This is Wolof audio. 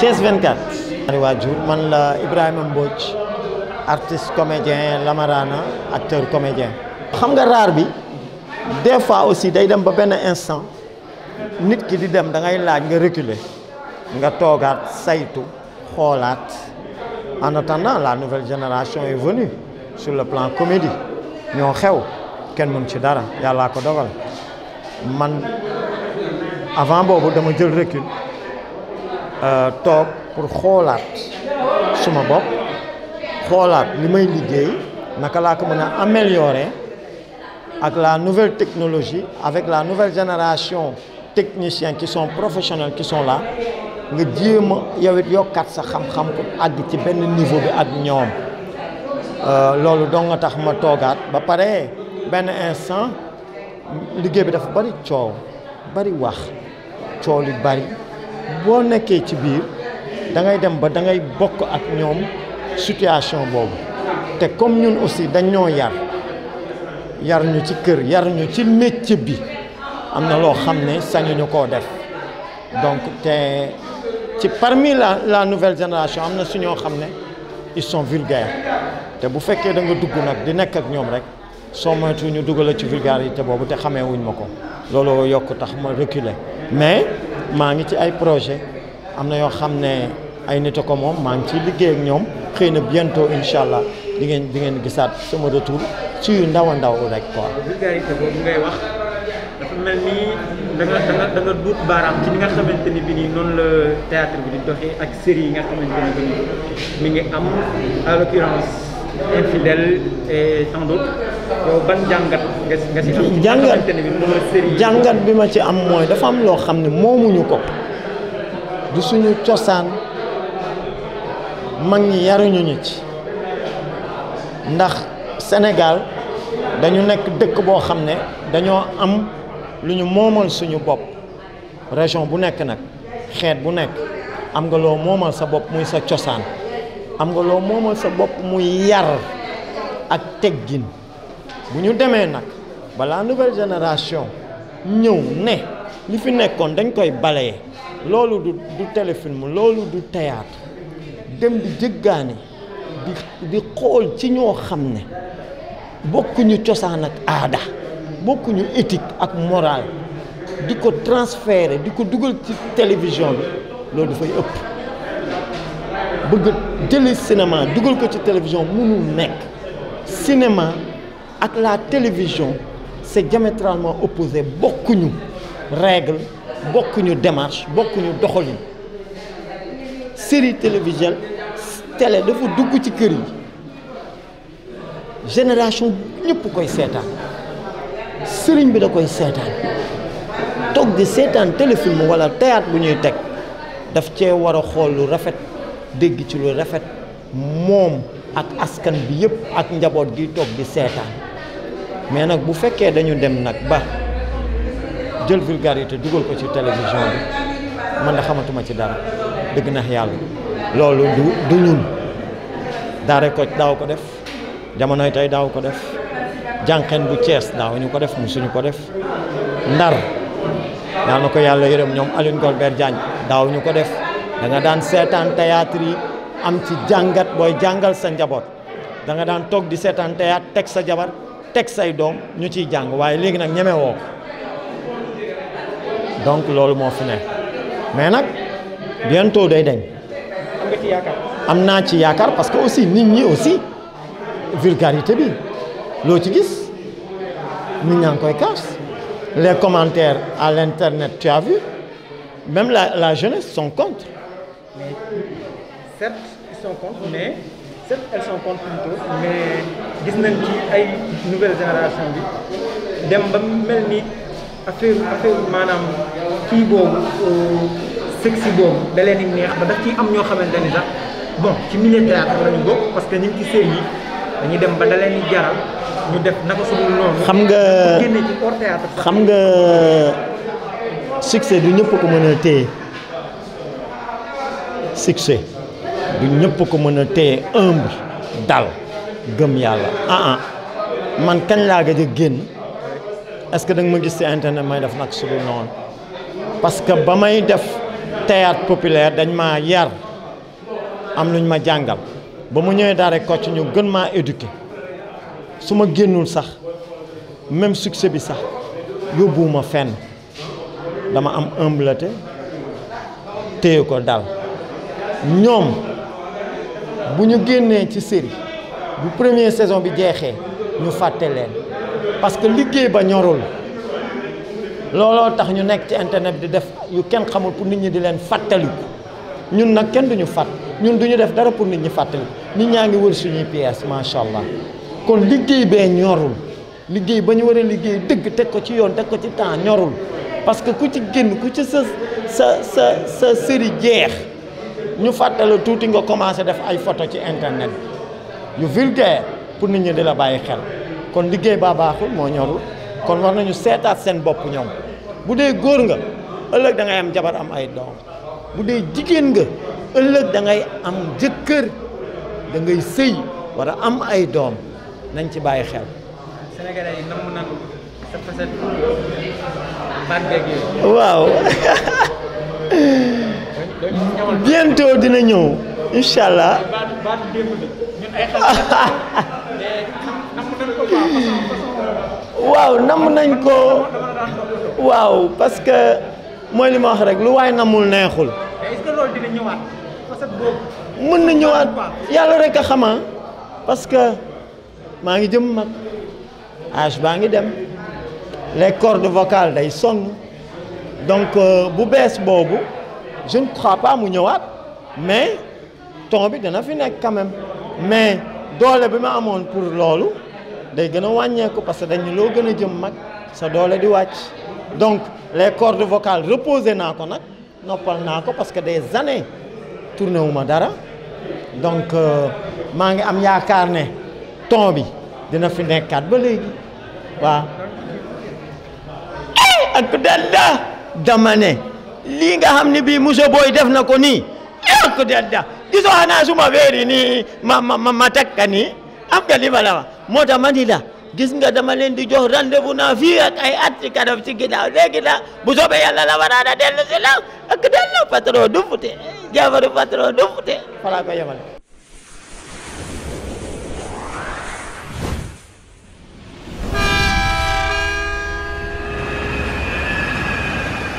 Thiès 24. ñaari waajur man la Ibrahima Mbodj artiste comédien Lamarana acteur comédien. xam nga raar bi des fois aussi day dem ba benn instant nit ki di dem dangay laaj nga reculer nga toogaat saytu xoolaat en attendant la nouvelle génération est venue sur le plan comédie ñoo xew kenn mun ci dara yàllaa ko dogal man avant boobu dama jël recul. Euh, toog pour xoolaat suma bopp xoolaat li may liggéey naka laa ko mën a ameliore ak la nouvelle technologie avec la nouvelle génération techniciens qui sont professionnels qui sont là nga jéem a yow it yokkaat sa xam-xam pour àgg ci benn niveau bi ak ñoom euh, loolu dong nga tax ma toogaat ba pare benn instant liggéey bi dafa bari coow bari wax coow li bari. boo nekkee ci biir da ngay dem ba da ngay bokk ak ñoom situation boobu te comme ñun aussi dañoo yar yar ñu ci kër yar ñu ci métier bi am na loo xam ne sañuñu koo def donc te ci parmi la la nouvelle génération am na su ñoo xam ne ils sont te bu fekkee da nga dugg nag di nekk ak ñoom rek. soo moytu ñu dugal ci vulgarité boobu te xamee wuñ ma ko loolu yokk tax ma reculer mais maa ngi ci ay projet am na yoo xam ne ay nit ko moom maa ngi ciy liggéey ak ñoom xëy na bientôt incha allah di ngeen ngeen gisaat sama retour ci yu ndaw ndaw rek quoi. vulgarité boobu ngay wax dafa mel ni da nga da baaraam ci li nga xamante ni bi nii noonu la théâtre bi di doxee ak série yi nga xamante ni bi nii mi ngi am à l'occurrence infidèle et yow ban jàngat jàngat jàngat bi ma ci am mooy dafa am loo xam ne moomuñu ko du suñu cosaan mag ñi yaruñu ñu ci ndax Sénégal dañu nekk dëkk boo xam ne dañoo am lu ñu moomal suñu bopp région bu nekk nag xeet bu nekk am nga loo moomal sa bopp muy sa cosaan am nga loo moomal sa bopp muy yar ak teggin bu ñu demee nag balaa nouvelle génération ñëw ne li fi nekkoon dañ koy balaye loolu du du téléfilm loolu du théâtre dem di jëggaani di xool ci ñoo xam ne bokkuñu cosaan ak aada bokkuñu éthique ak morale di ko transférer di ko dugal ci télévision bi loolu dafay ëpp bëgg jëli cinéma dugal ko ci télévision mënul nekk cinéma ak la télévision c'est diamétralement opposé bokkuñu règle bokkuñu démarche bokkuñu doxalin série télévisuelle télé dafa dugg ci kër yi génération ñëpp koy seetaan sëriñ bi da koy seetaan toog di seetaan téléfilm wala théâtre bu ñuy teg daf cee war a xool lu rafet dégg ci lu rafet moom ak askan bi yëpp ak njaboot gi toog di seetaan mais nag bu fekkee dañu dem nag ba jël vulgarité dugal ko ci télévision bi man na xamatuma ci dara dëgg nax yàlla loolu du du ñun daare ko daaw ko def jamonoy tey daaw ko def jànqeen bu Cees daaw ñu ko def mu suñu ko def ndar yaa na ko yàlla yërëm ñoom Aline Golbert Diagne daaw ñu ko def da nga daan seetaan théâtre yi am ci jàngat booy jàngal sa njaboot da daan toog di seetaan théâtre teg sa jabar teg say doom ñu ciy jàng waaye léegi nag ñeme ko donc loolu moo fi ne mais nag bientôt day dañ. am am naa ci yaakaar parce que aussi nit ñi aussi vulgarité bi loo ci gis nit ñaa ngi koy kaas les commentaires à l'internet tu as vu même la la jeunesse son contre. certes elles mais gis nañ ci ay nouvelle génération bi dem ba mel ni affaire affaire maanaam kii boobu euh, sexy boobu da leen neex ba daf ciy am ñoo xamante ni sax bon ci milieu théâtre lañu bokk parce que ñu ngi ci série yi dañuy dem ba da leen di ñu def naka su noonu. xam nga génne xam nga succès du ñëpp ko mën a téye succès. du ñëpp ko mën a téye ëmb dal gëm yàlla a ah, ah man kañ laa gëj a génn est ce que da ma gis ci internet may def nag su dul noonu parce que ba may def théâtre populaire dañ ma yar am luñ ma jàngal ba mu ñëwee daare Kocc ñu gën maa éduqué su ma génnul sax même succès bi sax yóbbuwuma fenn dama am humilité téye ko dal ñoom bu ñu génnee ci série bu premier saison bi jeexee ñu fàtte leen parce que liggéey ba ñorul looloo tax ñu nekk ci internet bi di def yu kenn xamul pour nit ñi di leen fàttaliku ñun nag kenn duñu fàtt ñun duñu def dara pour nit ñi fàttali nit ñaa ngi wër suñuy pièces macha allah kon liggéey bee ñorul liggéey ba ñu war a liggéey dëgg teg ko ci yoon teg ko ci temps ñorul parce que ku ci génn ku ci sa sa sa sa série jeex. ñu fàttale tuuti nga commencé def ay photo ci internet bi yu vulgaire pour nit ñi di la bàyyi xel kon liggéey baa baaxul moo ñorul kon war nañu seetaat seen bopp ñoom bu dee góor nga ëllëg dangay am jabar am ay doom bu dee jigéen nga ëllëg dangay ngay am jëkkër da ngay sëy war a am ay doom nañ ci bàyyi xel. waaw. bientôt dina ñëw incha allah waaw namm nañ ko waaw parce que mooy li rek waaye namul neexul. mën na ñëwaat yàlla rek a xama ah. parce que maa ngi jëm mag âge baa ngi dem les cordes vocales day sonn donc euh, bu bees boobu je ne pas mu ñëwaat. mais ton bi dana fi nekk quand mais doole bi ma amoon pour loolu day gën a wàññeeku parce que dañu loo gën a jëm mag sa doole di wàcc donc les cordes vocales reposé naa ko nag noppal naa ko parce que des années tourné wu ma dara donc euh, maa ngi am yaakaar ne ton bi dina fi nekkaat ba léegi waaw eh, ak danda dama ne lii nga xam ne bii monsieur Boy def na ko nii ko dadda diso ana suma ma ni matakka ni am ta mota manila gis nga dama leen di jox rendez-vous naa fii ak ay atti kanam ci ginnaaw léegi la bu soobee yàlla la war a dellu si la ak dellu patron du fute jabaru patron du fute falaa ko yemale